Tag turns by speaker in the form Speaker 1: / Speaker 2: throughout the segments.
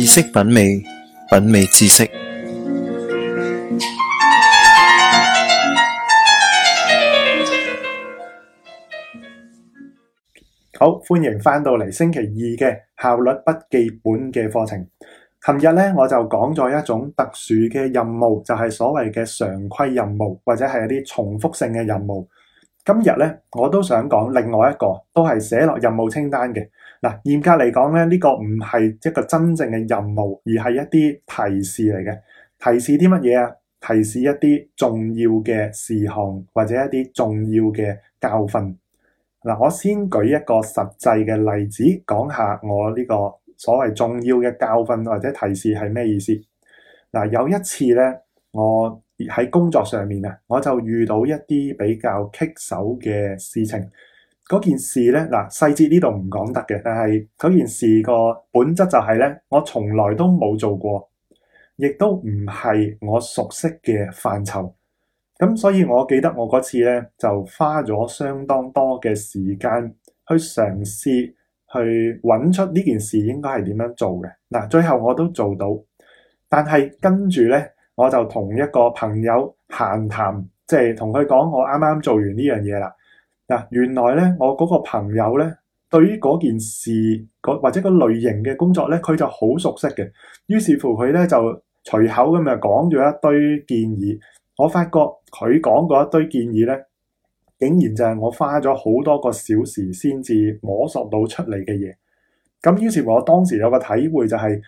Speaker 1: 知識品味，品味知識。好，歡迎翻到嚟星期二嘅效率筆記本嘅課程。尋日咧，我就講咗一種特殊嘅任務，就係所謂嘅常規任務，或者係一啲重複性嘅任務。今日咧，我都想講另外一個，都係寫落任務清單嘅。嗱，嚴格嚟講咧，呢個唔係一個真正嘅任務，而係一啲提示嚟嘅。提示啲乜嘢啊？提示一啲重要嘅事項或者一啲重要嘅教訓。嗱，我先舉一個實際嘅例子講下，我呢個所謂重要嘅教訓或者提示係咩意思？嗱，有一次咧，我喺工作上面啊，我就遇到一啲比較棘手嘅事情。嗰件事呢，嗱，細節呢度唔講得嘅，但係嗰件事個本質就係呢：我從來都冇做過，亦都唔係我熟悉嘅範疇。咁所以我記得我嗰次呢，就花咗相當多嘅時間去嘗試去揾出呢件事應該係點樣做嘅。嗱，最後我都做到，但係跟住呢。我就同一個朋友閒談，即係同佢講我啱啱做完呢樣嘢啦。嗱，原來呢，我嗰個朋友呢，對於嗰件事，或者個類型嘅工作呢，佢就好熟悉嘅。於是乎佢呢就隨口咁就講咗一堆建議。我發覺佢講嗰一堆建議呢，竟然就係我花咗好多個小時先至摸索到出嚟嘅嘢。咁於是乎我當時有個體會就係。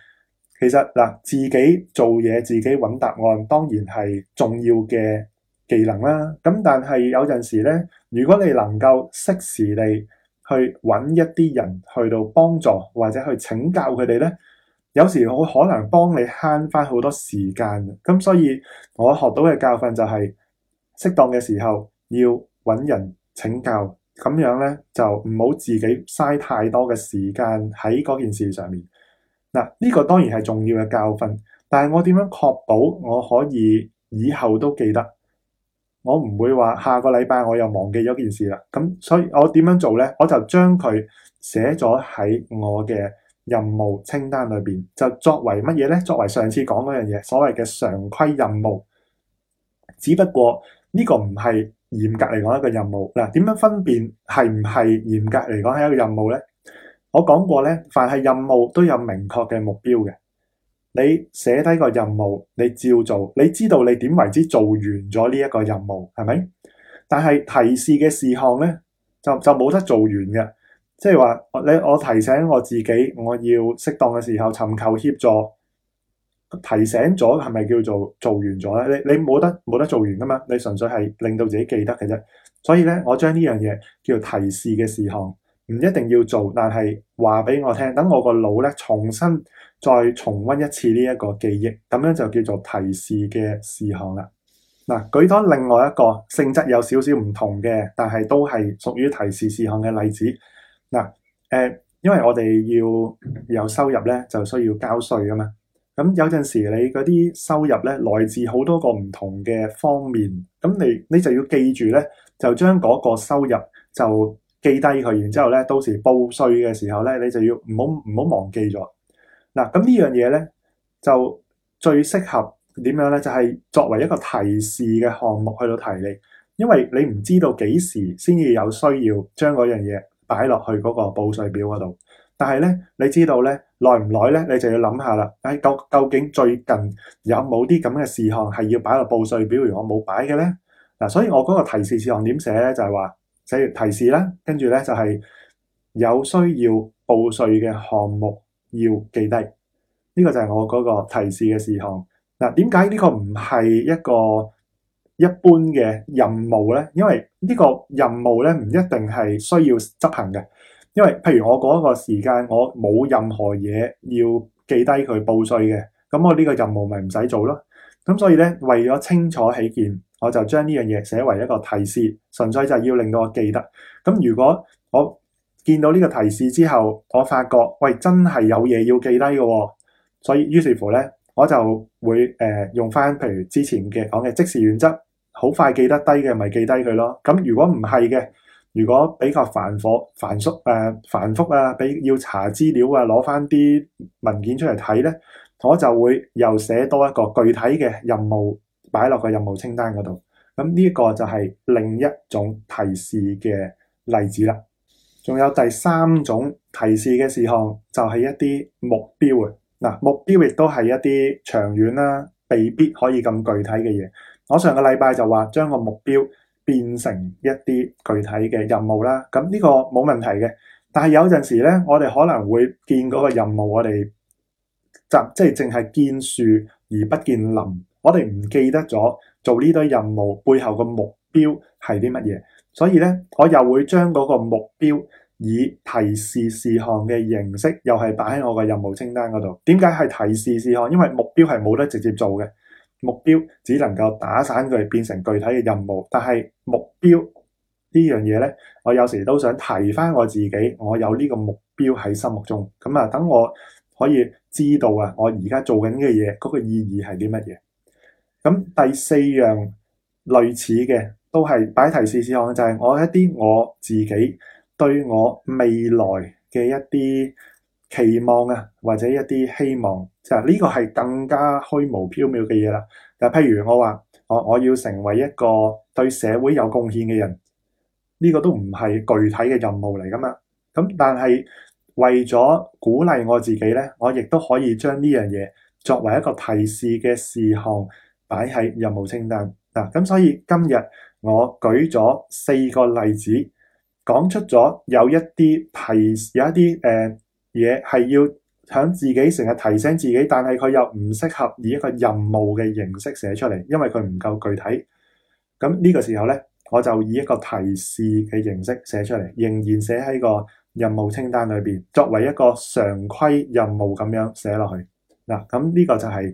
Speaker 1: 其實嗱，自己做嘢自己揾答案，當然係重要嘅技能啦。咁但係有陣時咧，如果你能夠適時地去揾一啲人去到幫助或者去請教佢哋咧，有時好可能幫你慳翻好多時間。咁所以我學到嘅教訓就係，適當嘅時候要揾人請教，咁樣咧就唔好自己嘥太多嘅時間喺嗰件事上面。嗱，呢個當然係重要嘅教訓，但係我點樣確保我可以以後都記得？我唔會話下個禮拜我又忘記咗件事啦。咁所以我點樣做呢？我就將佢寫咗喺我嘅任務清單裏邊，就作為乜嘢呢？作為上次講嗰樣嘢，所謂嘅常規任務。只不過呢個唔係嚴格嚟講一個任務。嗱，點樣分辨係唔係嚴格嚟講係一個任務呢？我講過咧，凡係任務都有明確嘅目標嘅。你寫低個任務，你照做，你知道你點為之做完咗呢一個任務，係咪？但係提示嘅事項咧，就就冇得做完嘅。即係話，你我提醒我自己，我要適當嘅時候尋求協助。提醒咗係咪叫做做完咗咧？你你冇得冇得做完噶嘛？你純粹係令到自己記得嘅啫。所以咧，我將呢樣嘢叫做提示嘅事項。唔一定要做，但係話俾我聽，等我個腦咧重新再重溫一次呢一個記憶，咁樣就叫做提示嘅事項啦。嗱，舉多另外一個性質有少少唔同嘅，但係都係屬於提示事項嘅例子。嗱，誒，因為我哋要有收入咧，就需要交稅吖嘛。咁有陣時你嗰啲收入咧來自好多個唔同嘅方面，咁你你就要記住咧，就將嗰個收入就。記低佢，然之後咧，到時報稅嘅時候咧，你就要唔好唔好忘記咗。嗱、啊，咁呢樣嘢咧就最適合點樣咧？就係、是、作為一個提示嘅項目去到提你，因為你唔知道幾時先要有需要將嗰樣嘢擺落去嗰個報稅表嗰度。但係咧，你知道咧，耐唔耐咧，你就要諗下啦。哎，究究竟最近有冇啲咁嘅事項係要擺落報稅表？如果冇擺嘅咧，嗱、啊，所以我嗰個提示事項點寫咧，就係、是、話。例如提示啦，跟住咧就係有需要報稅嘅項目要記低，呢個就係我嗰個提示嘅事項。嗱，點解呢個唔係一個一般嘅任務咧？因為呢個任務咧唔一定係需要執行嘅，因為譬如我嗰個時間我冇任何嘢要記低佢報稅嘅，咁我呢個任務咪唔使做咯。咁所以咧，為咗清楚起見。我就將呢樣嘢寫為一個提示，純粹就要令到我記得。咁如果我見到呢個提示之後，我發覺，喂，真係有嘢要記低嘅，哦，所以於是乎咧，我就會誒、呃、用翻譬如之前嘅講嘅即時原則，好快記得低嘅咪記低佢咯。咁如果唔係嘅，如果比較繁瑣、繁瑣、誒、呃、繁複啊，比要查資料啊，攞翻啲文件出嚟睇咧，我就會又寫多一個具體嘅任務。擺落個任務清單嗰度，咁呢個就係另一種提示嘅例子啦。仲有第三種提示嘅事項就係一啲目標啊。嗱，目標亦都係一啲長遠啦，未必可以咁具體嘅嘢。我上個禮拜就話將個目標變成一啲具體嘅任務啦。咁呢個冇問題嘅，但係有陣時咧，我哋可能會見嗰個任務我，我哋就即係淨係見樹而不見林。我哋唔記得咗做呢堆任務背後嘅目標係啲乜嘢，所以咧我又會將嗰個目標以提示事項嘅形式，又係擺喺我嘅任務清單嗰度。點解係提示事項？因為目標係冇得直接做嘅，目標只能夠打散佢變成具體嘅任務。但係目標呢樣嘢咧，我有時都想提翻我自己，我有呢個目標喺心目中咁啊。等我可以知道啊，我而家做緊嘅嘢嗰個意義係啲乜嘢？咁第四樣類似嘅都係擺提示事項，就係我一啲我自己對我未來嘅一啲期望啊，或者一啲希望，就係呢個係更加虛無縹緲嘅嘢啦。就譬如我話我我要成為一個對社會有貢獻嘅人，呢個都唔係具體嘅任務嚟㗎嘛。咁但係為咗鼓勵我自己咧，我亦都可以將呢樣嘢作為一個提示嘅事項。擺喺任務清單嗱，咁所以今日我舉咗四個例子，講出咗有一啲提示，有一啲誒嘢係要響自己成日提醒自己，但係佢又唔適合以一個任務嘅形式寫出嚟，因為佢唔夠具體。咁呢個時候咧，我就以一個提示嘅形式寫出嚟，仍然寫喺個任務清單裏邊，作為一個常規任務咁樣寫落去嗱。咁呢個就係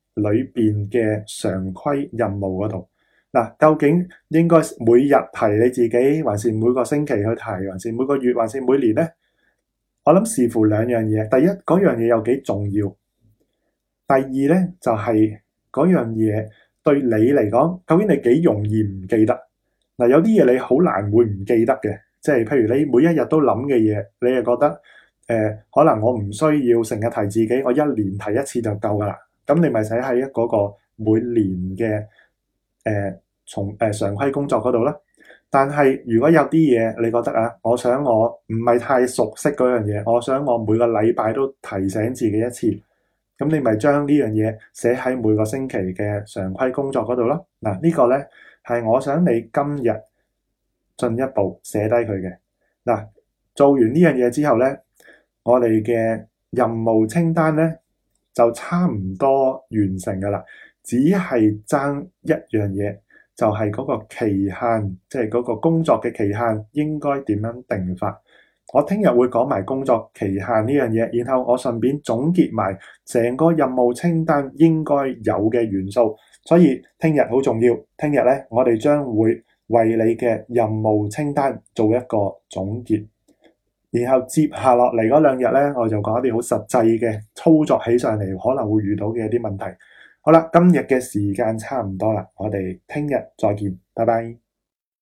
Speaker 1: 裏邊嘅常規任務嗰度嗱，究竟應該每日提你自己，還是每個星期去提，還是每個月，還是每年呢？我諗視乎兩樣嘢。第一，嗰樣嘢有幾重要；第二呢就係嗰樣嘢對你嚟講，究竟你幾容易唔記得嗱？有啲嘢你好難會唔記得嘅，即係譬如你每一日都諗嘅嘢，你就覺得誒，可能我唔需要成日提自己，我一年提一次就夠噶啦。咁你咪寫喺嗰個每年嘅，誒從誒常規工作嗰度咯。但係如果有啲嘢你覺得啊，我想我唔係太熟悉嗰樣嘢，我想我每個禮拜都提醒自己一次。咁你咪將呢樣嘢寫喺每個星期嘅常規工作嗰度咯。嗱，呢個咧，係我想你今日進一步寫低佢嘅。嗱，做完呢樣嘢之後咧，我哋嘅任務清單咧，就差唔多完成噶啦。然後接下落嚟嗰兩日咧，我就講一啲好實際嘅操作起上嚟，可能會遇到嘅一啲問題。好啦，今日嘅時間差唔多啦，我哋聽日再見，拜拜。